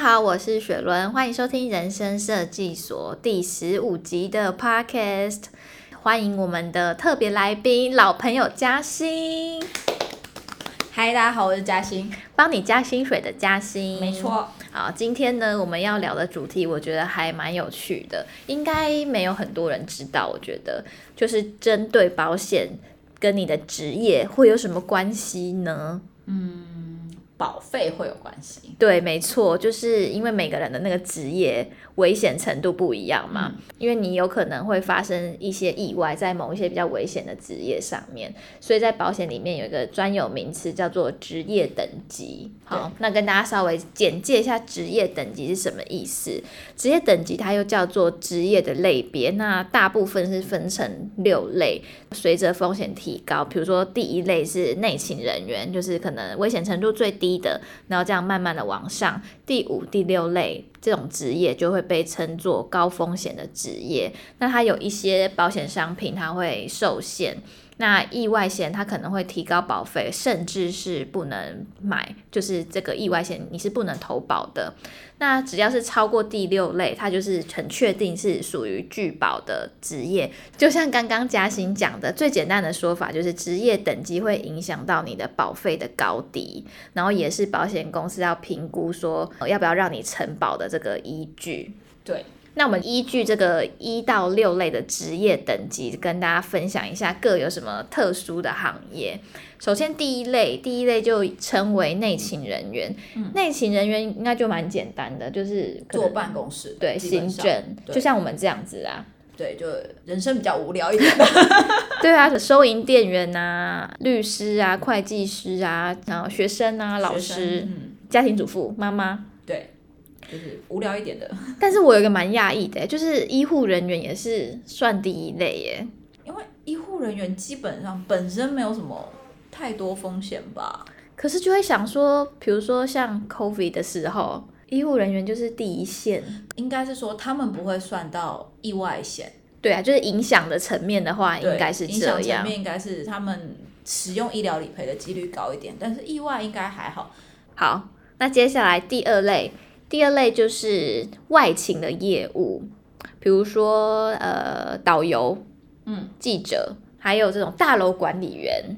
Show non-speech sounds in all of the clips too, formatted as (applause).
大家好，我是雪倫，歡迎收聽人生設計所第十五集的 Podcast。歡迎我們的特別來賓老朋友嘉欣。嗨，大家好，我是嘉欣，幫你加薪水的嘉欣。沒錯。好，今天呢，我們要聊的主題，我覺得還蠻有趣的，應該沒有很多人知道。我覺得就是針對保險跟你的職業會有什麼關係呢？嗯。保費會有關係，對，沒錯，就是因為每個人的那個職業危險程度不一樣嘛，嗯、因為你有可能會發生一些意外在某一些比較危險的職業上面，所以在保險裡面有一個專有名詞叫做職業等級。對好,那跟大家稍微簡介一下職業等級是什麼意思？職業等級它又叫做職業的類別，那大部分是分成六類，隨着風險提高，比如說第一類是內勤人員，就是可能危險程度最低，一的，然後這樣慢慢的往上，第五、第六類這種職業就會被稱作高風險的職業。那它有一些保險商品，它會受限。那意外險它可能會提高保費，甚至是不能買，就是這個意外險你是不能投保的。那只要是超過第六類，它就是很確定是屬於拒保的職業。就像剛剛嘉欣講的，最簡單的說法就是職業等級會影響到你的保費的高低，然後也是保險公司要評估說要不要讓你承保的這個依據。對。那我們依據這個一到六類的職業等級，跟大家分享一下各有什麼特殊的行業。首先，第一類，第一類就稱為內勤人員。嗯、內勤人員應該就蠻簡單的，就是坐辦公室，對，行政，就像我們這樣子啊。對，就人生比較無聊一點。 (laughs) (laughs) 對啊，收銀店員吶、啊，律師啊，會計師啊，然後學生啊，學生，老師，嗯、家庭主婦，嗯、媽媽。對。就是無聊一點的，但是我有一個蠻訝異的、欸，就是醫護人員也是算第一類耶、欸，因為醫護人員基本上本身沒有什麼太多風險吧，可是就會想說，比如說像 COVID 的時候，醫護人員就是第一線，應該是說他們不會算到意外險，對啊，就是影響的層面的話，應該是這樣，影響層面應該是他們使用醫療理賠的幾率高一點，但是意外應該還好。好，那接下來第二類。第二類就是外勤的業務，比如說呃導遊，嗯記者，還有這種大樓管理員。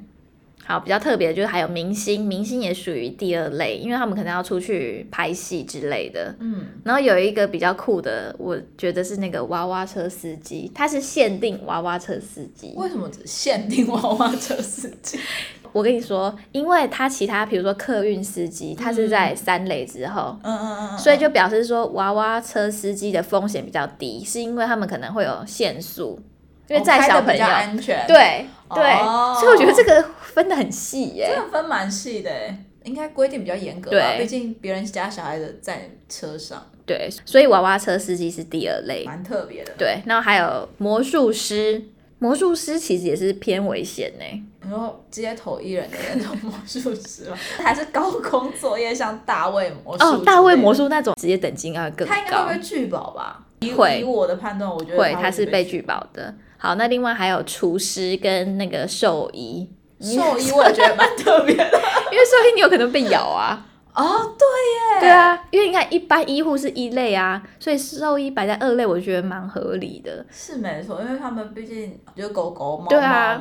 好，比較特別的就是還有明星，明星也屬於第二類，因為他們可能要出去拍戲之類的。嗯，然後有一個比較酷的，我覺得是那個娃娃車司機，他是限定娃娃車司機。為什麼只限定娃娃車司機？ (laughs) 我跟你說，因為他其他比如說客運司機，嗯、他是在三類之後，嗯嗯嗯，嗯嗯所以就表示說娃娃車司機的風險比較低，是因為他們可能會有限速，因為載小朋友、哦、安全，對對，對哦、所以我覺得這個分得很細耶，這個分蠻細的，應該規定比較嚴格吧，畢竟別人家小孩子在車上，對，所以娃娃車司機是第二類，蠻特別的，對，然後還有魔術師。魔術師其實也是偏危險呢、欸，然後、哦、街頭藝人的那種魔術師， (laughs) 還是高空作業，像大衛魔術哦，大衛魔術那種職業等級要更高，他應該會不會拒保吧？以，會以我的判斷，我覺得會，會，他是被拒保的。好，那另外還有廚師跟那個獸醫，獸醫我覺得蠻特別的， (laughs) 因為獸醫你有可能被咬啊。哦，對耶。對啊，因為你看，一般醫護是一類啊，所以獸醫擺在二類，我覺得蠻合理的。是沒錯，因為他們畢竟有狗狗貓貓、貓對啊。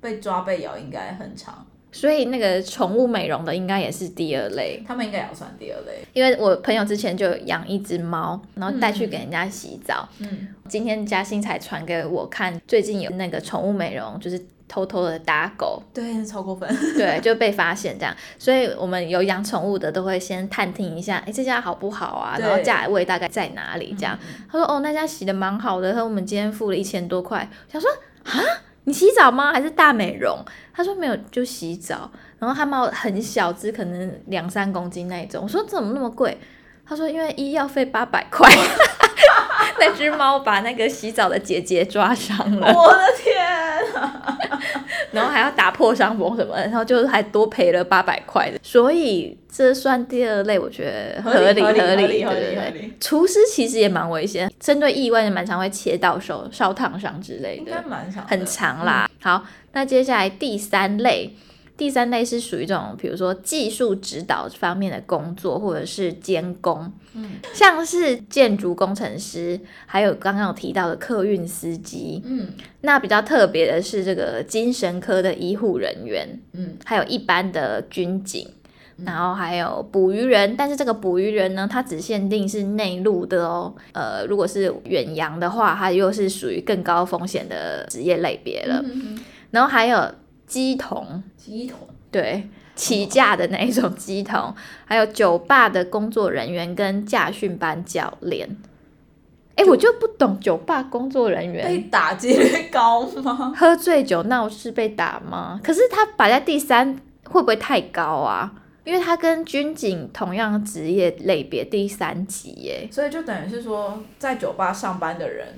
被抓被咬應該很長。所以那個寵物美容的應該也是第二類，他們應該也要算第二類。因為我朋友之前就養一只貓，然後帶去給人家洗澡。嗯。嗯，今天嘉欣才傳給我看，最近有那個寵物美容，就是。偷偷的打狗，對，超過分， (laughs) 對，就被發現這樣，所以我們有養寵物的都會先探聽一下，哎、欸，這家好不好啊？然後價位大概在哪裡？這樣，對他說，哦，那家洗的蠻好的，他說我們今天付了一千多塊，我想說，啊，你洗澡嗎？還是大美容？他說沒有，就洗澡。然後他貓很小隻，可能兩三公斤那種。我說怎麼那麼貴？他說因為醫藥費八百塊，哦、 (laughs) 那隻貓把那個洗澡的姐姐抓傷了，我的天、啊。然後還要打破傷風什麼的，然後就是還多賠了八百塊的，所以這算第二類，我覺得合理合理的。對對對。廚師其實也蠻危險，嗯、針對意外也蠻常會切到手、燒燙傷之類的，應該蠻長，很長啦。嗯、好，那接下來第三類。第三類是屬於這種，比如說技術指導方面的工作，或者是監工，嗯，像是建築工程師，還有剛剛有提到的客運司機，嗯，那比較特別的是這個精神科的醫護人員，嗯，還有一般的軍警，嗯，然後還有捕魚人，嗯，但是這個捕魚人呢，它只限定是內陸的哦，呃，如果是遠洋的話，它又是屬於更高風險的職業類別了，嗯嗯嗯，然後還有。乩童，乩童對，起駕的那一種乩童，哦、還有酒吧的工作人員跟駕訓班教練。哎、欸，就我就不懂，酒吧工作人員被打機率高嗎？喝醉酒鬧事被打嗎？可是他擺在第三，會不會太高啊？因為他跟軍警同樣職業類別，第三級耶、欸。所以就等於是說，在酒吧上班的人。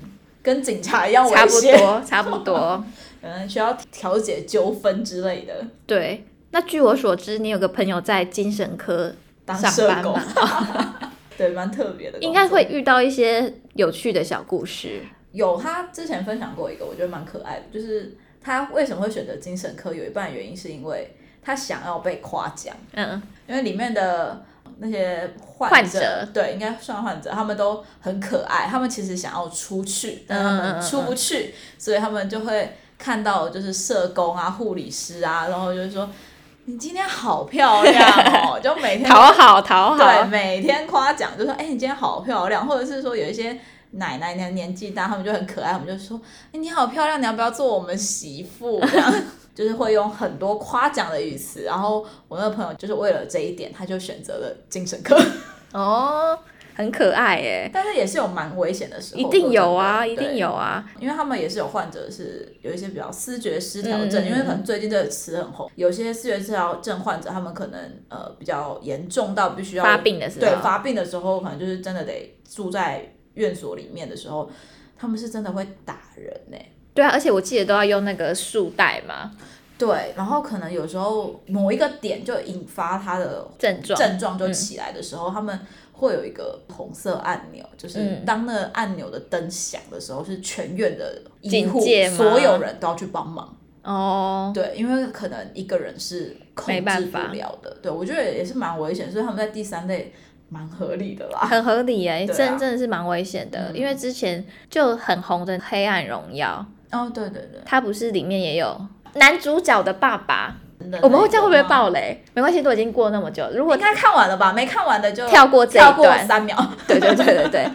跟警察一樣，差不多，差不多。可能需要調解糾紛之類的。對，那據我所知，你有個朋友在精神科上班嗎？當社工 (laughs) 對，蠻特別的，應該會遇到一些有趣的小故事。有，他之前分享過一個，我覺得蠻可愛的，就是他為什麼會選擇精神科，有一半原因是因為他想要被誇獎。嗯，因為裡面的。那些患者、患者對，應該算患者，他們都很可愛，他們其實想要出去，但他們出不去，嗯嗯嗯嗯，所以他們就會看到就是社工啊、護理師啊，然後就是說你今天好漂亮哦、喔， (laughs) 就每天討好討好，好對，每天誇獎，就說哎、欸、你今天好漂亮，或者是說有一些奶奶呢，年紀大，他們就很可愛，我們就說哎、欸、你好漂亮，你要不要做我們媳婦？這樣 (laughs) 就是會用很多誇獎的語詞，然後我那個朋友就是為了這一點，他就選擇了精神科。哦，很可愛耶，但是也是有蠻危險的時候。一定有啊，對一定有啊，因為他們也是有患者是有一些比較思覺失調症，嗯嗯因為可能最近這個詞很紅，有些思覺失調症患者，他們可能呃比較嚴重到必須要發病的時候，對發病的時候，可能就是真的得住在院所裡面的時候，他們是真的會打人呢、欸。對啊，而且我記得都要用那個束帶嘛。對，然後可能有時候某一個點就引發他的症狀，症狀就起來的時候，嗯、他們會有一個紅色按鈕，就是當那按鈕的燈響的時候，嗯、是全院的醫護所有人都要去幫忙。哦，對，因為可能一個人是控制不了的。對，我覺得也是蠻危險，所以他們在第三類蠻合理的啦，很合理耶，啊、真真的是蠻危險的，嗯、因為之前就很紅的《黑暗榮耀》。哦，oh, 對對對，他不是裡面也有、oh. 男主角的爸爸？我們會這樣會不會暴雷？對對對沒關係，都已經過那麼久，如果應該看完了吧？沒看完的就跳過這一段完跳過三秒。 (laughs) 對,對對對對對。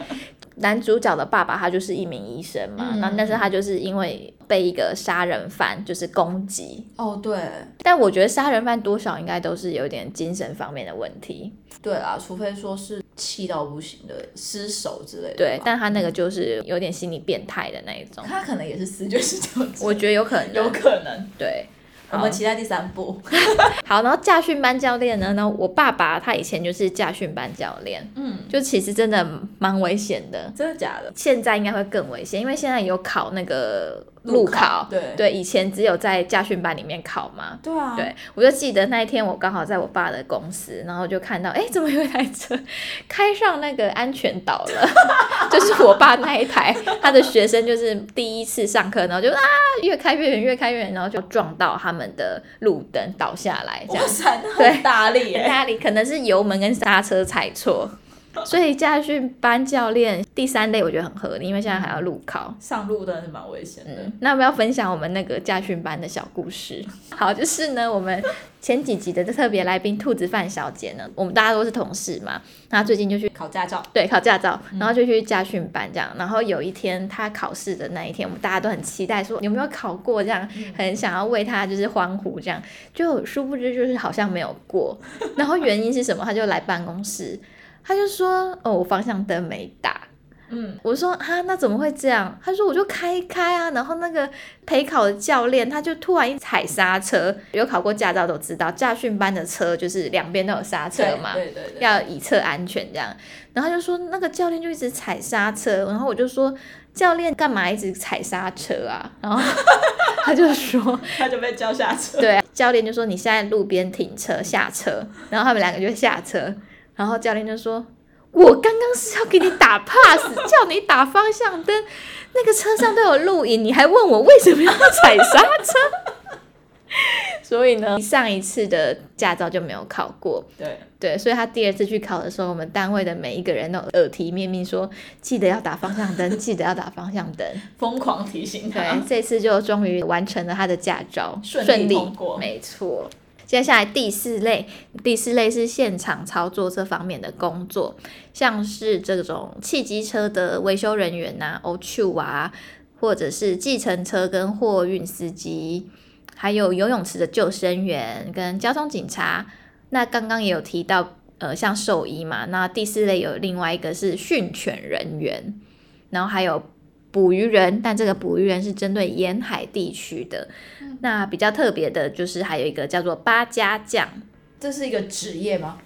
男主角的爸爸他就是一名醫生嘛，那、嗯、但是他就是因為被一個殺人犯就是攻擊哦，對，但我覺得殺人犯多少應該都是有點精神方面的問題，對啊，除非說是氣到不行的失手之類的，對，但他那個就是有點心理變態的那一種，可他可能也是死就是九十九，我覺得有可能，有可能，對。好，我們期待第三部。 (laughs) (laughs) 好，然後駕訓班教練呢？然後我爸爸他以前就是駕訓班教練，嗯，就其實真的蠻危險的，真的假的？現在應該會更危險，因為現在有考那個。路考，對,對，以前只有在駕訓班裡面考嘛，對啊對，我就記得那一天我剛好在我爸的公司，然後就看到，哎，怎麼有一台車開上那個安全島了？ (laughs) 就是我爸那一台， (laughs) 他的學生就是第一次上課，然後就啊，越開越遠，越開越遠，然後就撞到他們的路燈倒下來，這樣，哇塞，對，大力，大力，可能是油門跟剎車踩錯。所以，駕訓班教練第三類我覺得很合理，因為現在還要路考，上路真的是蠻危險的，嗯。那我們要分享我們那個駕訓班的小故事。好，就是呢，我們前幾集的特別來賓兔子范小姐呢，我們大家都是同事嘛。她最近就去考駕照，對，考駕照，然後就去駕訓班這樣。嗯、然後有一天她考試的那一天，我們大家都很期待，說有沒有考過這樣，很想要為她就是歡呼這樣。就殊不知就是好像沒有過，然後原因是什麼？她就來辦公室。他就說：“哦，我方向燈沒打。”嗯，我說：“啊，那怎麼會這樣？”他說：“我就開開啊。”然後那個陪考的教練他就突然一踩剎車。有考過駕照都知道，駕訓班的車就是兩邊都有剎車嘛，對對，對，對要以策安全這樣。然後他就說那個教練就一直踩剎車，然後我就說：“教練幹嘛一直踩剎車啊？”然後 (laughs) 他就說：“他就被叫下車。”對，教練就說：“你現在路邊停車下車。”然後他們兩個就下車。然後教練就說：“我剛剛是要給你打 pass， (laughs) 叫你打方向燈，那個車上都有錄影，你還問我為什麼要踩剎車？ (laughs) 所以呢，上一次的駕照就沒有考過。對對，所以他第二次去考的時候，我們單位的每一個人都耳提面命說，記得要打方向燈，記得要打方向燈， (laughs) 瘋狂提醒他。對，這次就終於完成了他的駕照，順利通過，順利，沒錯。”接下來第四類，第四類是現場操作這方面的工作，像是這種汽機車的維修人員吶、啊、OQ 啊，或者是計程車跟貨運司機，還有游泳池的救生員跟交通警察。那剛剛也有提到，呃，像獸醫嘛，那第四類有另外一個是訓犬人員，然後還有，捕魚人，但這個捕魚人是針對沿海地區的。嗯、那比較特別的就是還有一個叫做八家將，這是一個職業嗎？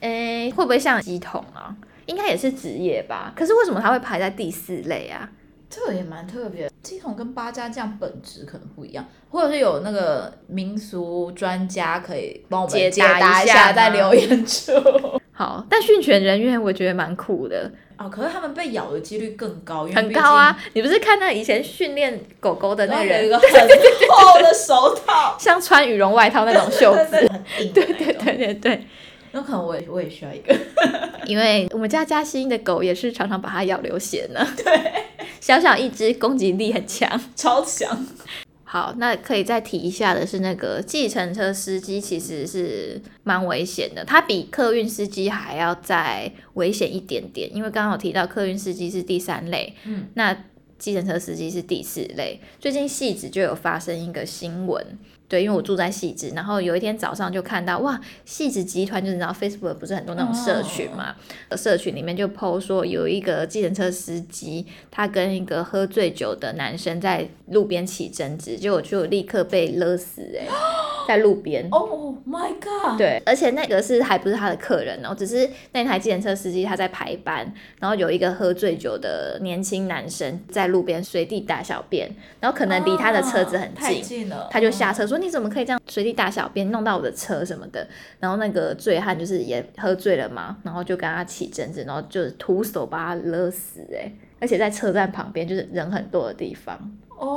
誒、欸，會不會像乩童啊？應該也是職業吧。可是為什麼它會排在第四類啊？這個也蠻特別的。乩童跟八家將本質可能不一樣，或者是有那個民俗專家可以幫我們解答一下，在留言處。嗎 (laughs) 好，但訓犬人員我覺得蠻酷的。哦，可是他們被咬的幾率更高，很高啊！你不是看到以前訓練狗狗的那個人，一個很厚的手套， (laughs) (laughs) 像穿羽絨外套那種袖子，對 (laughs) 對對對對，那可能我也我也需要一個， (laughs) 因為我們家嘉欣的狗也是常常把它咬流血呢，對，小小一隻，攻擊力很強，超強。好，那可以再提一下的是，那個計程車司機其實是蠻危險的，他比客運司機還要再危險一點點，因為剛好提到客運司機是第三類，嗯，那計程車司機是第四類。最近戲子就有發生一個新聞。對，因為我住在汐止，然後有一天早上就看到哇，汐止集團，就是你知道，Facebook 不是很多那種社群嘛，oh. 社群裡面就 po 說有一個計程車司機，他跟一個喝醉酒的男生在路邊起爭執，結果就立刻被勒死哎、欸。Oh. 在路邊。哦、oh、my god！對，而且那個是還不是他的客人、喔，只是那台計程車司機他在排班，然後有一個喝醉酒的年輕男生在路邊隨地大小便，然後可能離他的車子很近，啊、近他就下車說、嗯、你怎麼可以這樣隨地大小便弄到我的車什麼的，然後那個醉漢就是也喝醉了嘛，然後就跟他起爭執，然後就徒手把他勒死、欸，哎，而且在車站旁邊就是人很多的地方。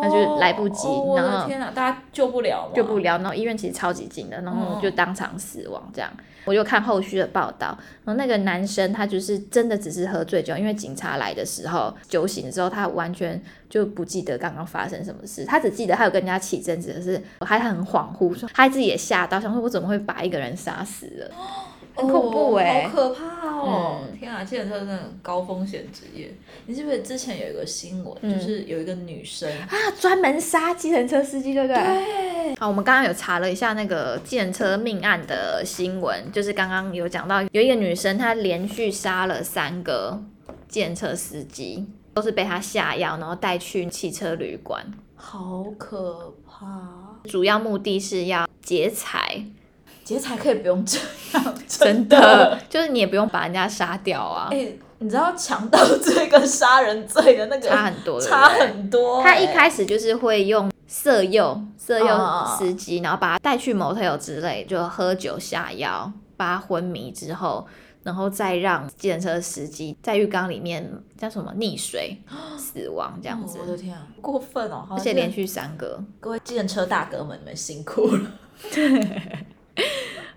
那就來不及，哦啊、然後天哪，大家救不了嘛，救不了。然後醫院其實超級近的，然後就當場死亡。這樣，嗯、我就看後續的報道，然後那個男生他就是真的只是喝醉酒，因為警察來的時候酒醒之後，他完全就不記得剛剛發生什麼事，他只記得他有跟人家起爭執，是還很恍惚，說他自己也嚇到，想說我怎麼會把一個人殺死了，哦、很恐怖哎、哦，好可怕。哦，天啊！計程車那種高風險職業，你是不是之前有一個新聞，嗯、就是有一個女生啊，專門殺計程車司機，對不對？對。好，我們剛剛有查了一下那個計程車命案的新聞，就是剛剛有講到，有一個女生她連續殺了三個計程車司機，都是被她下藥，然後帶去汽車旅館，好可怕。主要目的是要劫財。劫財可以不用這樣，真的， (laughs) 真的就是你也不用把人家殺掉啊！欸！你知道強盜罪跟殺人罪的那個差很多，差很多，欸。他一開始就是會用色誘，色誘司機，哦，然後把他帶去模特兒之類，就喝酒下藥，把他昏迷之後，然後再讓計程車司機在浴缸裡面叫什麼溺水死亡這樣子。哦，我的天，啊，過分哦！而且連續三個，各位計程車大哥們，你們辛苦了。對。 (laughs)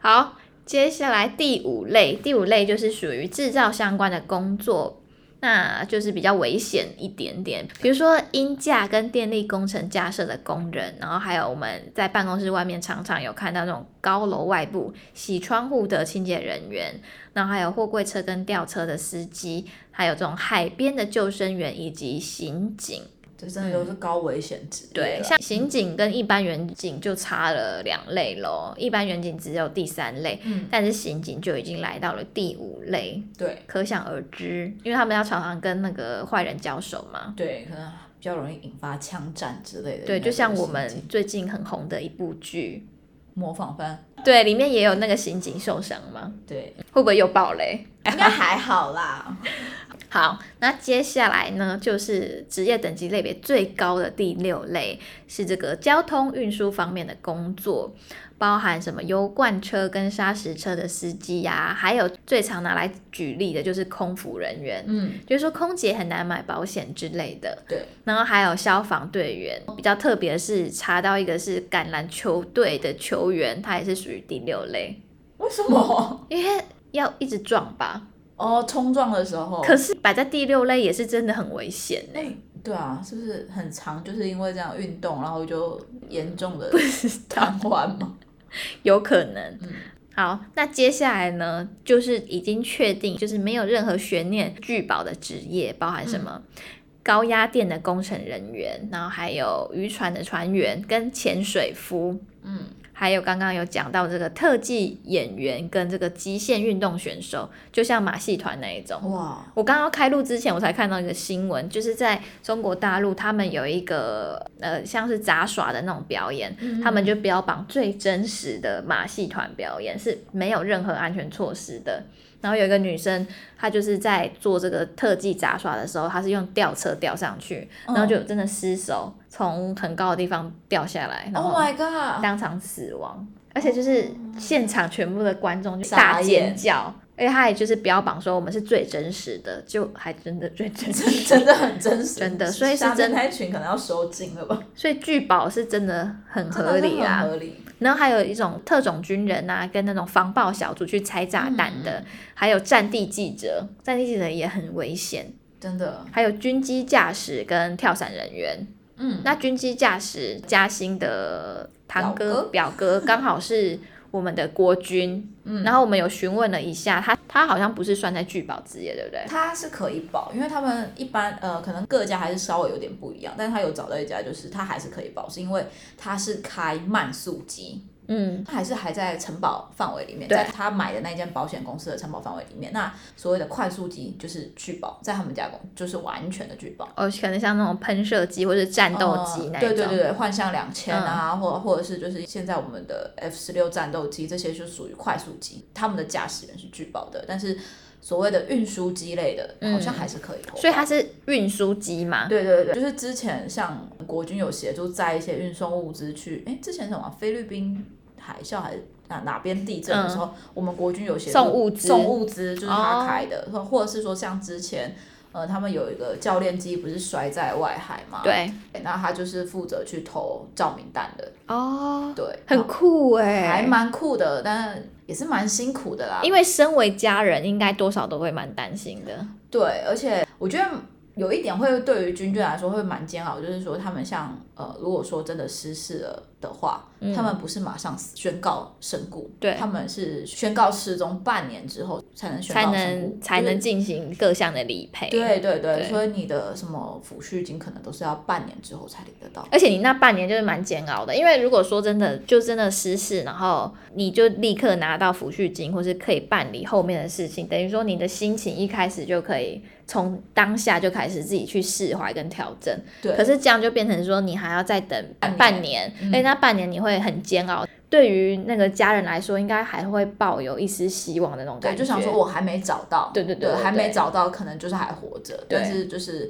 好，接下來第五類，第五類就是屬於制造相關的工作，那就是比較危險一點點。比如說，鷹架跟電力工程架設的工人，然後還有我們在辦公室外面常常有看到那種高樓外部洗窗戶的清潔人員，然後還有貨櫃車跟吊車的司機，還有這種海邊的救生員以及刑警。這真的都是高危險值，嗯。對，像刑警跟一般員警就差了兩類嘍。一般員警只有第三類，嗯，但是刑警就已經來到了第五類。對，可想而知，因為他們要常常跟那個壞人交手嘛。對，可能比較容易引發槍戰之類的。對，就像我們最近很紅的一部劇《模仿犯》，對，裡面也有那個刑警受傷嘛。對，會不會有爆雷、哎？應該還好啦。 (laughs) 好，那接下來呢，就是職業等級類別最高的第六類，是這個交通運輸方面的工作，包含什麼油罐車跟砂石車的司機呀、啊，還有最常拿來舉例的就是空服人員，嗯，就是說空姐很難買保險之類的，對。然後還有消防隊員，比較特別是查到一個是橄欖球隊的球員，他也是屬於第六類，為什麼？因為要一直撞吧。哦，衝撞的時候，可是擺在第六類也是真的很危險嘞、欸。對啊，是不是很常？就是因為這樣運動，然後就嚴重的不是癱瘓嗎？知 (laughs) 有可能。嗯、好，那接下來呢，就是已經確定，就是沒有任何懸念拒保，拒保的職業包含什麼？高壓電的工程人員，嗯、然後還有漁船的船員跟潛水夫，嗯。還有剛剛有講到這個特技演員跟這個極限運動選手，就像馬戲團那一種。哇！Wow. 我剛剛開錄之前，我才看到一個新聞，就是在中國大陸，他們有一個呃像是雜耍的那種表演，mm hmm. 他們就標榜最真實的馬戲團表演是沒有任何安全措施的。然後有一個女生，她就是在做這個特技雜耍的時候，她是用吊車吊上去，然後就真的失手。Oh. 從很高的地方掉下來然 h m 當場死亡，oh、而且就是現場全部的觀眾就大尖叫，眼而且他也就是標榜說，我們是最真實的，就還真的最真實的， (laughs) 真的很真實，真的。所以是真。探群可能要收緊了吧？所以聚報是真的很合理啊，合理。然後還有一種特種軍人啊，跟那種防爆小組去拆炸彈的，嗯、還有戰地記者，戰地記者也很危險，真的。還有軍機駕駛跟跳傘人員。嗯，那軍機駕駛嘉興的堂哥顧表哥剛好是我們的國軍，嗯，然後我們有詢問了一下他，他好像不是算在拒保職業，對不對？他是可以保，因為他們一般呃，可能各家還是稍微有點不一樣，但他有找到一家，就是他還是可以保，是因為他是開慢速機。嗯，他還是還在承保範圍裡面，對在他買的那間保險公司的承保範圍裡面。那所謂的快速機就是拒保，在他們家公就是完全的拒保。哦，可能像那種噴射機或者戰鬥機那種、嗯。對對對，幻象兩千啊，或、嗯、或者是就是現在我們的 F 十六戰鬥機這些就屬於快速機，他們的駕駛員是拒保的，但是所謂的運輸機類的，嗯、好像還是可以投保。所以它是運輸機嘛？對對對，就是之前像國軍有協助載一些運送物資去，哎，之前什麼菲律賓？海嘯還是哪哪邊地震的時候，嗯、我們國軍有些送物資，送物資就是他開的，或、哦、或者是說像之前，呃，他們有一個教練機不是摔在外海嗎？對、欸，那他就是負責去投照明彈的。哦，對，很酷哎、欸嗯，還蠻酷的，但也是蠻辛苦的啦。因為身為家人，應該多少都會蠻擔心的、嗯。對，而且我覺得有一點會對於軍隊來說會蠻煎熬，就是說他們像呃，如果說真的失事了。的話，嗯、他們不是馬上宣告身故，對，他們是宣告失蹤，半年之後才能宣告身故，才能、就是、才能進行各項的理賠。對對對，對，所以你的什麼撫恤金可能都是要半年之後才領得到。而且你那半年就是蠻煎熬的，因為如果說真的就真的失事，然後你就立刻拿到撫恤金，或是可以辦理後面的事情，等於說你的心情一開始就可以從當下就開始自己去釋懷跟調整。對。可是這樣就變成說你還要再等半年，哎、嗯。那半年你會很煎熬，對於那個家人來說，應該還會抱有一絲希望的那種感覺，就想說我還沒找到，對對對,對,對，還沒找到，可能就是還活着，對，但是就是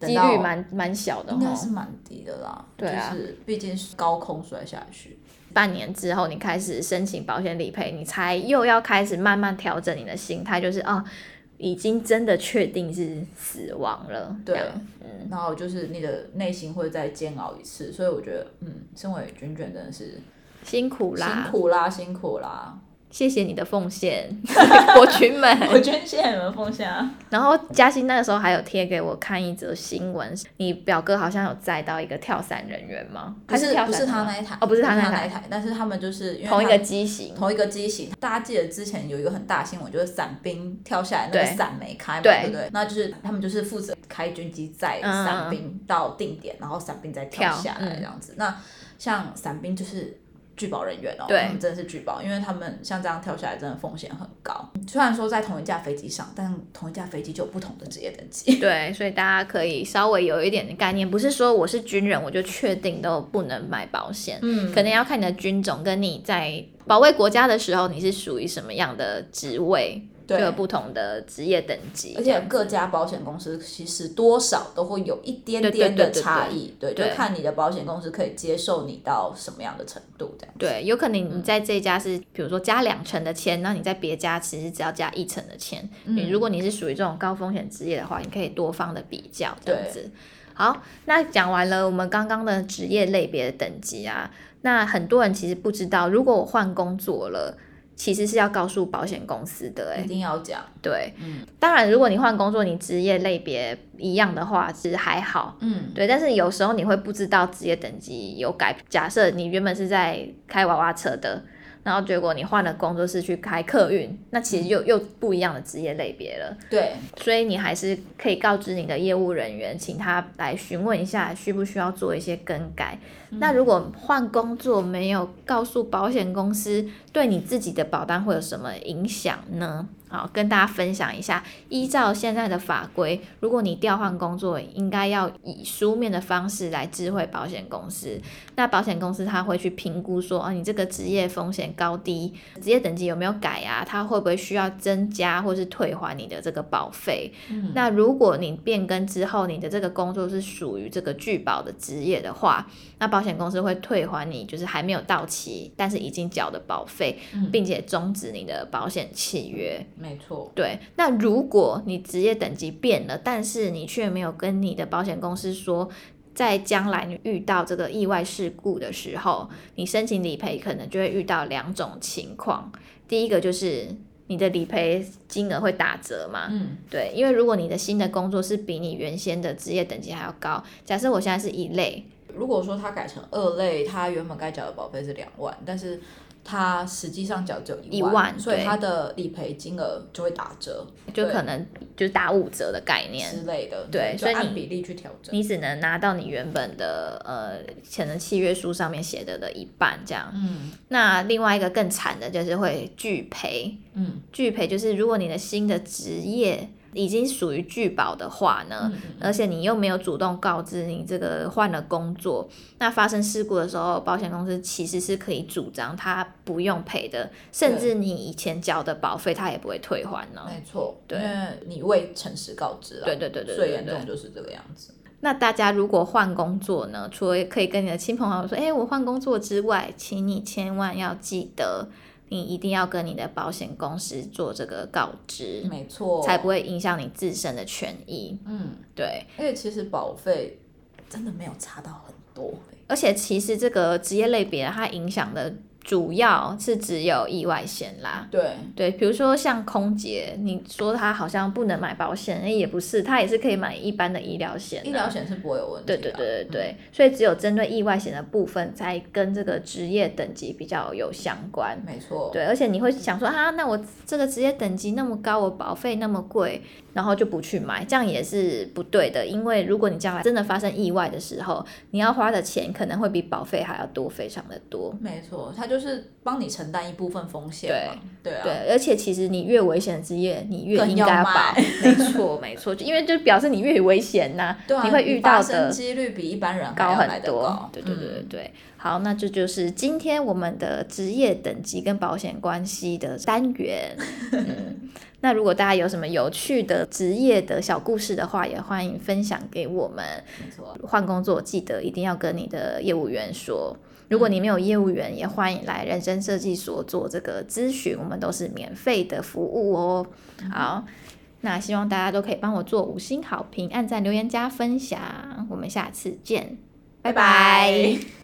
幾率蠻蠻小的，應該是蠻低的啦。對啊，就是畢竟是高空摔下去，半年之後你開始申請保險理賠，你才又要開始慢慢調整你的心態，就是啊。已經真的確定是死亡了，對，嗯，然後就是你的內心會再煎熬一次，所以我覺得，嗯，身為卷卷真的是辛苦，辛苦啦，辛苦啦，辛苦啦。謝謝你的奉獻， (laughs) 我全們。 (laughs) 我捐獻也奉獻啊。然後嘉欣那個時候還有貼給我看一則新聞，你表哥好像有載到一個跳傘人員嗎？不是，是不是他那一台哦，不是他那台，台。但是他們就是同一個機型，同一個機型。大家記得之前有一個很大的新聞，就是傘兵跳下來那個傘沒開嘛，對，對不對？那就是他們就是負責開軍機載傘兵到定點，嗯、然後傘兵再跳下來跳、嗯、這樣子。那像傘兵就是。拒保人員哦，對他們真的是拒保，因為他們像這樣跳下來，真的風險很高。雖然說在同一架飛機上，但同一架飛機就有不同的職業等級。對，所以大家可以稍微有一點概念，不是說我是軍人我就確定都不能買保險，嗯，可能要看你的軍種跟你在保衛國家的時候你是屬於什麼樣的職位。對，就有不同的職業等級，而且各家保險公司其實多少都會有一點點的差異對，就看你的保險公司可以接受你到什麼樣的程度，這樣對，有可能你在這家是、嗯、比如說加兩成的錢，那你在別家其實只要加一成的錢。嗯、你如果你是屬於這種高風險職業的話，你可以多方的比較這樣子。對好，那講完了我們剛剛的職業類別的等級啊，那很多人其實不知道，如果我換工作了。其實是要告訴保險公司的，欸，一定要講。對，嗯，當然，如果你換工作，你職業類別一樣的話，其實還好，嗯，對。但是有時候你會不知道職業等級有改，假設你原本是在開娃娃車的。然後結果你換的工作是去開客運，那其實又又不一樣的職業類別了。對，所以你還是可以告知你的業務人員，請他來詢問一下需不需要做一些更改。嗯、那如果換工作沒有告訴保險公司，對你自己的保單會有什麼影響呢？好，跟大家分享一下。依照現在的法規，如果你調換工作，應該要以書面的方式來知會保險公司。那保險公司他會去評估說，哦、啊，你這個職業風險高低，職業等級有沒有改啊？他會不會需要增加或是退還你的這個保費？嗯、那如果你變更之後，你的這個工作是屬於這個拒保的職業的話，那保險公司會退還你，就是還沒有到期但是已經繳的保費，並且終止你的保險契約。嗯沒錯，對。那如果你職業等級變了，但是你卻沒有跟你的保險公司說，在將來你遇到這個意外事故的時候，你申請理賠，可能就會遇到兩種情況。第一個就是你的理賠金額會打折嘛？嗯，對，因為如果你的新的工作是比你原先的職業等級還要高，假設我現在是一類，如果說它，改成二類，它原本該繳的保費是兩萬，但是。它實際上繳只有一萬，一萬所以它的理賠金額就會打折，就可能就打五折的概念對之類的。對，所以你按比例去調整，你只能拿到你原本的呃簽的契約書上面寫的的一半這樣。嗯，那另外一個更慘的就是會拒賠。嗯，拒賠就是如果你的新的職業。已經屬於拒保的話呢，嗯、而且你又沒有主動告知你這個換了工作，嗯、那發生事故的時候，保險公司其實是可以主張他不用賠的，甚至你以前交的保費他也不會退還呢。沒錯，對，因為你未誠實告知了、啊。對對，對對對對，最嚴重就是這個樣子。那大家如果換工作呢，除了可以跟你的親朋好友說，誒，我換工作之外，請你千萬要記得，你一定要跟你的保險公司做這個告知，沒錯，才不會影響你自身的權益。嗯，對。因為其實保費真的沒有差到很多，而且其實這個職業類別它影響的。主要是只有意外險啦，對對，比如說像空姐，你說她好像不能買保險，誒，也不是，她也是可以買一般的醫療險，醫療險是不會有問題啊。對，對對對對，所以只有針對意外險的部分才跟這個職業等級比較有相關，沒錯，對，而且你會想說啊，那我這個職業等級那麼高，我保費那麼貴。然後就不去買，這樣也是不對的，因為如果你將來真的發生意外的時候，你要花的錢可能會比保費還要多，非常的多。沒錯，它就是幫你承擔一部分風險嘛。對對啊對，而且其實你越危險的職業，你越應該要保。沒錯要沒錯，就 (laughs) 因為就表示你越危險吶、啊，啊、你會遇到的幾率比一般人高很多。嗯、對對對對對。好，那這就就是今天我們的職業等級跟保險關係的單元、 (laughs) 嗯。那如果大家有什麼有趣的職業的小故事的話，也歡迎分享給我們。沒錯啊、換工作記得一定要跟你的業務員說。嗯、如果你沒有業務員，也歡迎來人生設計所做這個諮詢，我們都是免費的服務哦。嗯、好，那希望大家都可以幫我做五星好評、按讚、留言、加分享。我們下次見，拜拜。 (laughs)